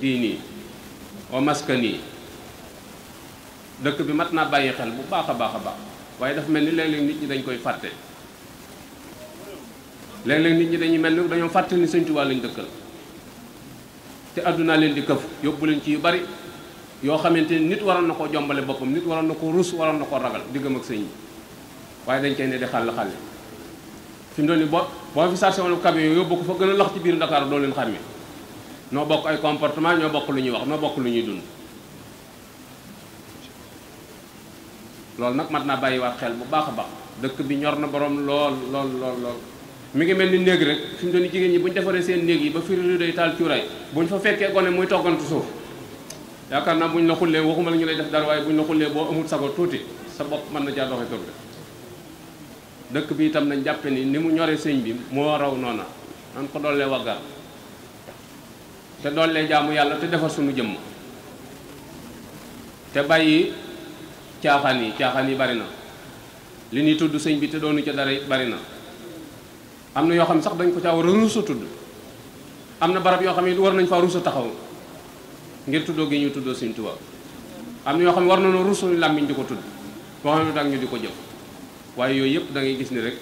diini maska maskani dëkk bi mat naa bàyyee xel bu baax a baax a baax waaye dafa mel ni léeg-léeg nit ñi dañ koy fàtte léeg-léeg nit ñi dañuy mel ni dañoo fàtte ni Sëñ Tuubaa lañ dëkkal te àdduna leen di këf yóbbu leen ci yu bari yoo xamante nit waroon na koo jombale boppam nit waroon na koo rus waroon na koo ragal diggam ak sëñ bi waaye dañ cay ne di xàll xàll fi mu doon ni boo boo fi sarse woon camion yóbbu ko fa gën a lax ci biir Dakar doo leen noo bokk ay comportement ñoo bokk lu ñuy wax noo bokk lu ñuy dund loolu nag mat naa bàyyiwaat xel bu baax a baax dëkk bi ñor na boroom lool lool lool lool ngi mel ni néeg rek fi mu doon jigéen ñi bu ñu defaree seen néeg yi ba firi day taal cuuraay bu ñu fa fekkee gone muy toggantu suuf yaakaar naa bu ñu la xullee waxuma la ñu lay def dara waaye bu ñu la xullee boo amul sago tuuti sa bopp mën na jaar doxe tur dëkk bi itam nañ jàppe ni ni mu ñoree sëñ bi moo raw noona nan ko dollee waggar te doollee jàmm yàlla te defar sunu jëmm te bàyyi caaxan yi caaxaan yi bari na li ñuy tudd sëñ bi te doonu ca dara bari na am na yoo xam sax dañ ko caa war a ruusa tudd am na barab yoo xam ne war nañ faa taxaw ngir tuddoo gi ñu tuddoo sëñ am na yoo xam ne war nañoo ruusa làmmiñ di ko tudd boo xam ne tax ñu di ko jëf waaye yooyu yëpp dangay gis ni rek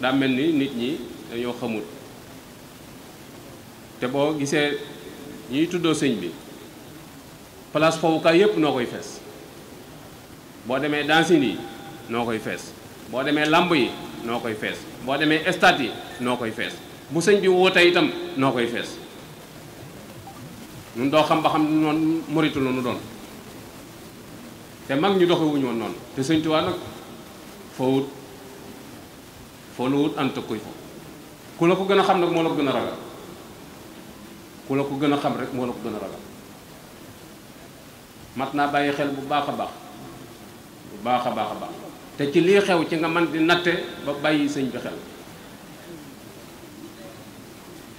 daa mel ni nit ñi dañoo xamul te boo gisee ñuy tuddoo sëñ bi place fowukaay yépp noo koy fees boo demee dansine yi noo koy fees boo demee làmb yi noo koy fees boo demee stade yi noo koy fees bu sëñ bi wootee itam noo koy fees nun doo xam ba xam noonu moritu la nu doon te mag ñu doxewuñu woon noonu te sëñ Tuubaa nag fowut foo lu wut ànd kuy fo ku la ko gën a xam nag moo la ko gën a ragal ku la ko gën a xam rek moo la ko gën a ragal mat naa bàyyi xel bu baax a baax bu baax a baax a baax te ci lii xew ci nga man di natte ba bàyyi sëñ bi xel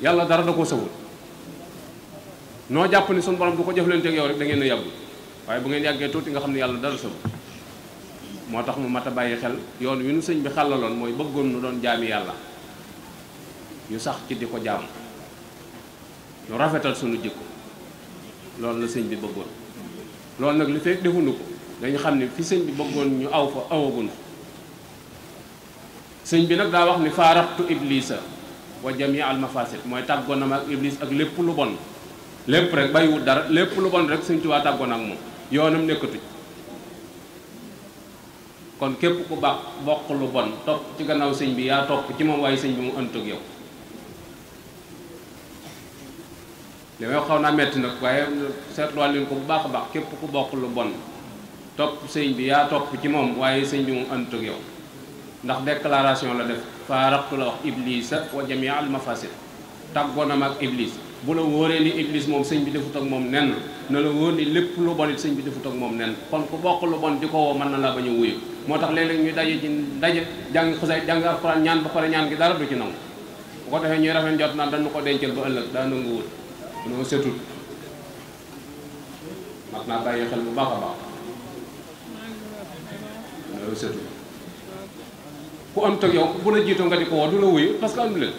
yàlla dara da koo sawul noo jàpp ni suñu borom du ko jëflante ak yow rek da ngeen a waaye bu ngeen yàggee tuuti nga xam ne yàlla dara sawul moo tax mu mat a bàyyi xel yoon wi nu sëñ bi xàllaloon mooy bëggoon nu doon jaami yàlla yu sax ci di ko jaamu ñu rafetal sunu jikko lool la señ bi bëggoon lool nak li fekk defuñu ko dañu xamni fi señ bi bëggoon ñu aw fa awagun señ bi nak da wax ni faraqtu iblisa wa jami al mafasid moy tàggoon iblis ak lepp lu bon lepp rek bayu dara lepp lu bon rek ci wa tàggoon ak moom yoonam nekkatu kon kep ku baax bokk lu bon top ci gannaaw señ bi yaa top ci mom way señ bi mu antuk yow li may xaw naa metti nag waaye seetluwaat leen ko bu baax a baax képp ku bokk lu bon topp sëñ bi yaa topp ci moom waaye sëñ bi moom àndut ak yow ndax déclaration la def faaraqtu la wax iblisa wa jamii al mafasid tàggoo na ma ak iblis bu la wóoree ni iblis moom sëñ bi defut ak moom nen na la wóor ni lépp lu bon it sëñ bi defu ak moom nen kon ku bokk lu bon di ko woo mën na laa bañ a wuyu moo tax léeg-léeg ñuy daje ci daje jàng xasay jàng alxuraan ñaan ba pare ñaan gi dara du ci nangu bu defee ñuy rafet njot naan dañu ko dencal ba ëllëg dañoo setut mat naa bàyyi xel bu baax a baax dañoo setut ku am toog yow bu la jiitoo nga di ko woo du la wuyu parce que am leen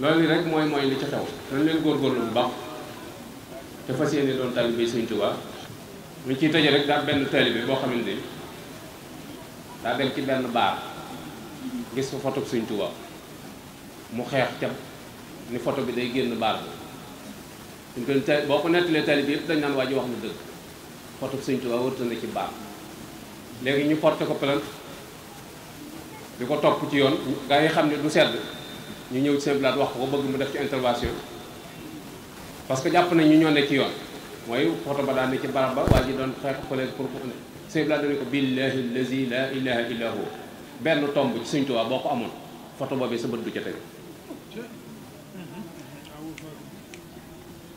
loolu rek mooy mooy li ci xew dañ leen góorgóorlu bu baax te fas yéene doon taalibe Sëñ Tuubaa ñu ciy tëje rek daal benn taalibe boo xamante ni daa dem ci benn baar gis fa fotob Sëñ Tuubaa mu xeex cab ni photo bi day génn baal bi boo ko nettalee tali bi yëpp dañ daan waa ji wax na dëgg photo bi Sëñ Tuubaa ci baal léegi ñu porté ko plainte ko topp ci yoon gaa yi xam ne du sedd ñu ñëw ci seen wax ko bëgg mu def ci intervention parce que jàpp nañ ñu ñoo ne ci yoon mooy photo ba daan ne ci barab ba waa ji doon xeex collègue pour ko ne benn tomb ci Sëñ boo ko amoon photo boobee sa bët bu ca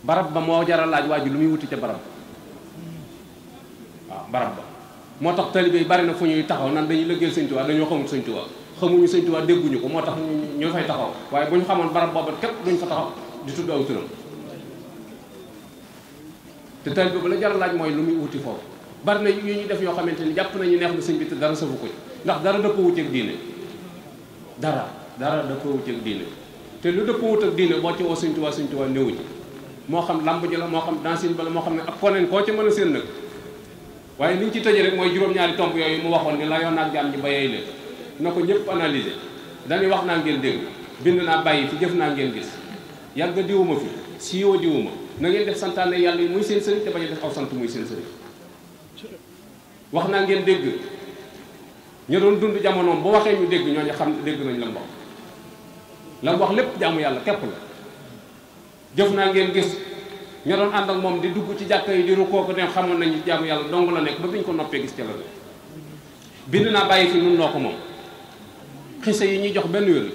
barab ba moo jar laaj waa ji lu muy wuti ca barab waaw barab ba moo tax talibe yi bari na fu ñuy taxaw nan dañuy lëggeel sëñ Tuubaa dañoo xamul sëñ Tuubaa xamuñu sëñ Tuubaa dégguñu ko moo tax ñu fay taxaw waaye bu ñu xamoon barab booba képp duñ fa taxaw di tudd aw turam te talibe ba la jar laaj mooy lu muy wuti foofu bari na ñu ñuy def yoo xamante ni jàpp nañu neex na sëñ bi te dara safu ko ndax dara dëppoo wut ak diine dara dara dëppoo wut ak diine te lu dëppoo wut ak diine boo woo sëñ Tuubaa sëñ Tuubaa néewu ci moo xam lamb ji la moo xam dansin ba la moo xam ne ak foneen koo ci mën a seen nag waaye li ci tëjee rek mooy juróom-ñaari tomb yooyu mu waxoon ni la yoon ak jaam ji ba yey leen na ko ñëpp analyser dañuy wax naa ngeen dégg bind naa bàyyi fi jëf naa ngeen gis yàgg diwuma fi siiwoo diwuma na ngeen def santaane yàlla yi muy seen sëriñ te bañ a def aw sant muy seen sëriñ wax naa ngeen dégg ñu doon dund jamonoom bu waxee ñu dégg ñooñu xam dégg nañ la wax la wax lépp jaamu yàlla képp la jëf naa ngeen gis ña doon ànd ak moom di dugg ci jàkka yi di rukkoo ko dem xamoon nañu jaamu yàlla dong la nekk ba biñ ko noppee gis ca la nekk bind naa bàyyi fi nun noo ko moom xise yi ñuy jox benn wér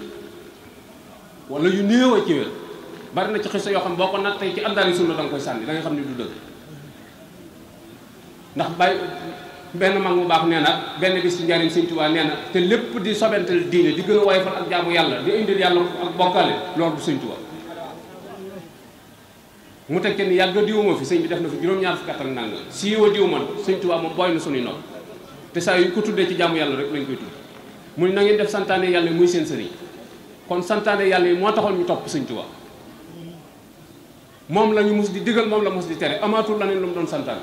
wala yu néew a ci wér bari na ci xise yoo xam boo ko nattee ci àndaari sunna da nga koy sànni da xam ne du dëgg ndax bàyyi benn mag mu baax nee na benn bis ci njariñ Sëñ Tuubaa nee te lépp di sobental diine di gën a woyofal ak jaamu yàlla di indil yàlla ak bokkaale loolu du mu teg kenn yàgg diwuma fi sëñ bi def na fi juróom-ñaar fukki at ak nangam siiwa diw man sëñ Tuubaa moom booy na suñuy nopp te saa yu ko tuddee ci jaamu yàlla rek lañ koy tudd mu ne na ngeen def santaane yàlla muy seen sëriñ kon santaane yàlla yi moo taxoon ñu topp sëñ Tuubaa moom la ñu mus di digal moom la mus di tere la neen doon santaane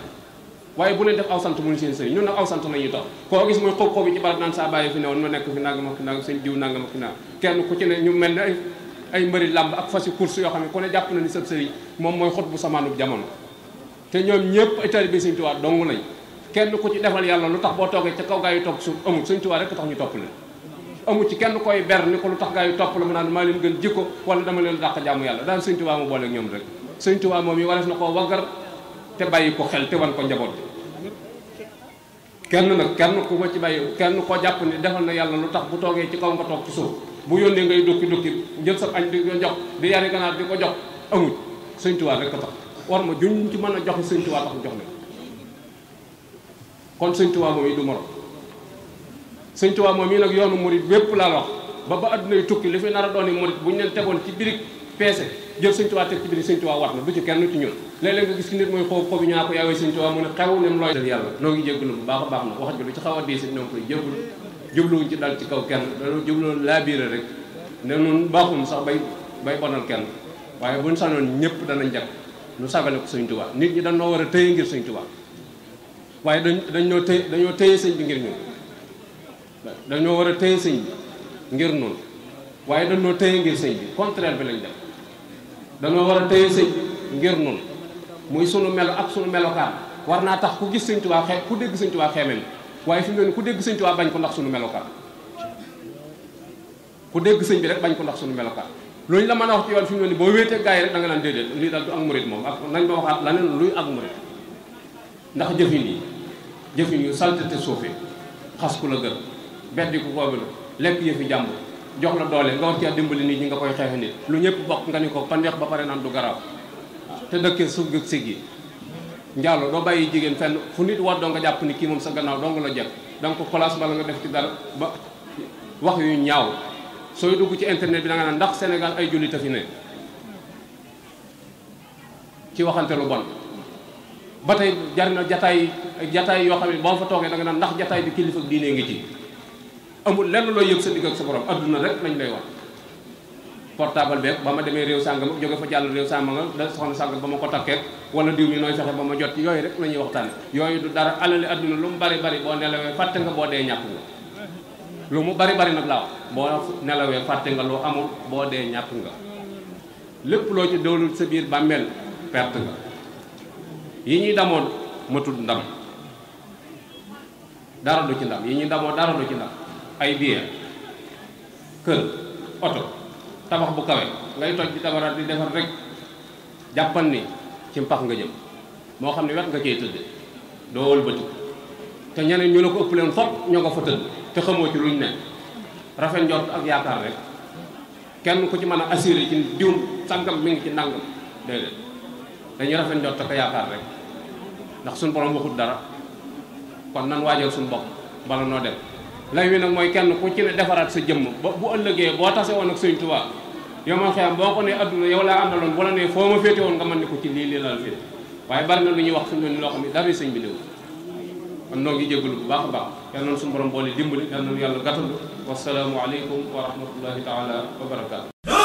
waaye bu leen def aw sant mu ne seen sëriñ ñun nag aw sant fi ne woon ma nekk fi nangam ak nangam sëñ diw nangam kenn ku ci ne ñu mel ne ay ay mbeuri lamb ak fasi course yo xam ko ne japp na ni sab sëriñ mom moy xut bu jamono te ñom ñepp ay bi Sëriñ touba dong nañ kenn ku ci defal yalla lu tax boo toogee ca kaw gaa top su amu amul touba rek tax ñu top leen amu ci kenn koy ber ni ko lu tax gaa yu la mu naan ma leen gën jikko wala dama leen jamu yalla daan daal touba mo mu ak ñom rek Sëriñ touba mom yi na te bayyi ko xel te wan ko njabot kenn nak kenn ku ma ci bayyi kenn ko japp ni defal na yalla lu bu toge ci kaw nga top su bu yónnee ngay dukki dukki jël sa añ di ko jox di yari ganaar di ko jox amul sëñ Tuubaa rek a tax war ma juñ ci mën a joxe sëñ tax jox la kon a doon murit bu ñu leen tegoon ci birig peese jël sëñ teg ci birig sëñ Tuubaa war na du ci kenn ci ñun léeg-léeg gis ki nit mooy xoob xoobi ñaa ko yaawee sëñ Tuubaa mu ne xew nem looy def yàlla noo ngi jéggalu bu baax a baax na wax ji lu ci xaw a diis it koy jéggalu jubluwuñ ci dal ci kaw kenn dañoo jubloo laa biire rek ne nun baaxuñ sax bay bay bonal kenn waaye buñ sanoon ñëpp danañ jag nu sagale ko Sëñ Tuubaa nit ñi dañoo war a téye ngir Sëñ Tuubaa waaye dañ dañoo téye dañoo téye sëñ bi ngir ñun dañoo war a téye sëñ bi ngir nun waaye dañoo téye ngir sëñ bi contraire bi lañ def dañoo war a téye sëñ bi ngir nun muy sunu melo ak sunu melokaan war naa tax ku gis Sëñ Tuubaa xee ku dégg Sëñ Tuubaa xeemem waaye fi mu ne ku dégg sëñ Tuubaa bañ ko ndax suñu melokaan ku dégg sëñ bi rek bañ ko ndax suñu melokaan loolu la mën a wax ci yoon fi mu ne nii boo wéetee gaa yi rek da nga naan déedéet lii moom ak nañ ma waxaat laneen luy ak murit ndax jëfin yi jëfin yu salte te suufee xas ku la gër beddi ku koobi la lekk yëfi jàmbu jox la doole nga war cee dimbali nit ñi nga koy xeexe nit lu ñëpp bokk nga ni ko pandeex ba pare naan du garaaw te dëkkee suuf gi yi njaaloo doo bàyyi jigéen fenn fu nit war doo nga jàpp ni kii moom sa gannaaw dong la jekk da nga ko place bala nga def ci dara ba wax yu ñaaw sooy dugg ci internet bi da nga ndax Sénégal ay jullit fi ne ci waxante lu bon ba tey jar na jataay jataay yoo xam ne boo fa toogee da nga naan ndax jataay bi kilifa diine ngi ci amul lenn looy yëg sa digg ak sa borom adduna rek lañ lay wax portable beeg ba ma demee réew sàngam joge fa jàll réew sàngam la soxna sàngam ba ma ko takkee wala diw mi nooy fexe ba ma jot ci yooyu rek la ñuy waxtaane yooyu du dara alali adduna lu mu bari bari boo nelawee fàtte nga boo dee lu mu bari bari nag laa boo nelawee fàtte nga loo amul boo dee ñàkk nga lépp loo ci doolul sa biir bàmmeel perte nga yi ñuy damoon matul ndam dara lu ci ndam yi ñuy damoo dara lu ci ndam ay biir kër oto tabax bu kawe ngay toj di tabaraat di defar rek jàppal ni ci mpax nga jëm moo xam ne wet nga cee tëdd doo wëlbati te ñeneen ñu la ko ëpp leen fopp ñoo nga fa tëdd te xamoo ci luñ ne rafet njoot ak yaakaar rek kenn ku ci mën a assuré ci diw sàngam mi ngi ci nàngam déedéet dañuy rafet njort ak yaakaar rek ndax suñ borom waxut dara kon nan waajal suñu bopp bala noo dem lay wi nag mooy kenn ku ci ne defaraat sa jëmm ba bu ëllëgee boo tase woon ak sëñ Tuubaa yow man xeyam boo ko ne adduna yow laa àndaloon bu la ne foo ma féete woon nga man ne ko ci lii lii lal féete waaye bari na lu ñuy wax suñu noo xam ne dara sëñ bi déw kon noo ngi jégalu bu baax a baax yal noonu suñu borom boole dimbali yal noonu yàlla gàttandu wasalaamu aleykum wa rahmatullahi taala wa barakatu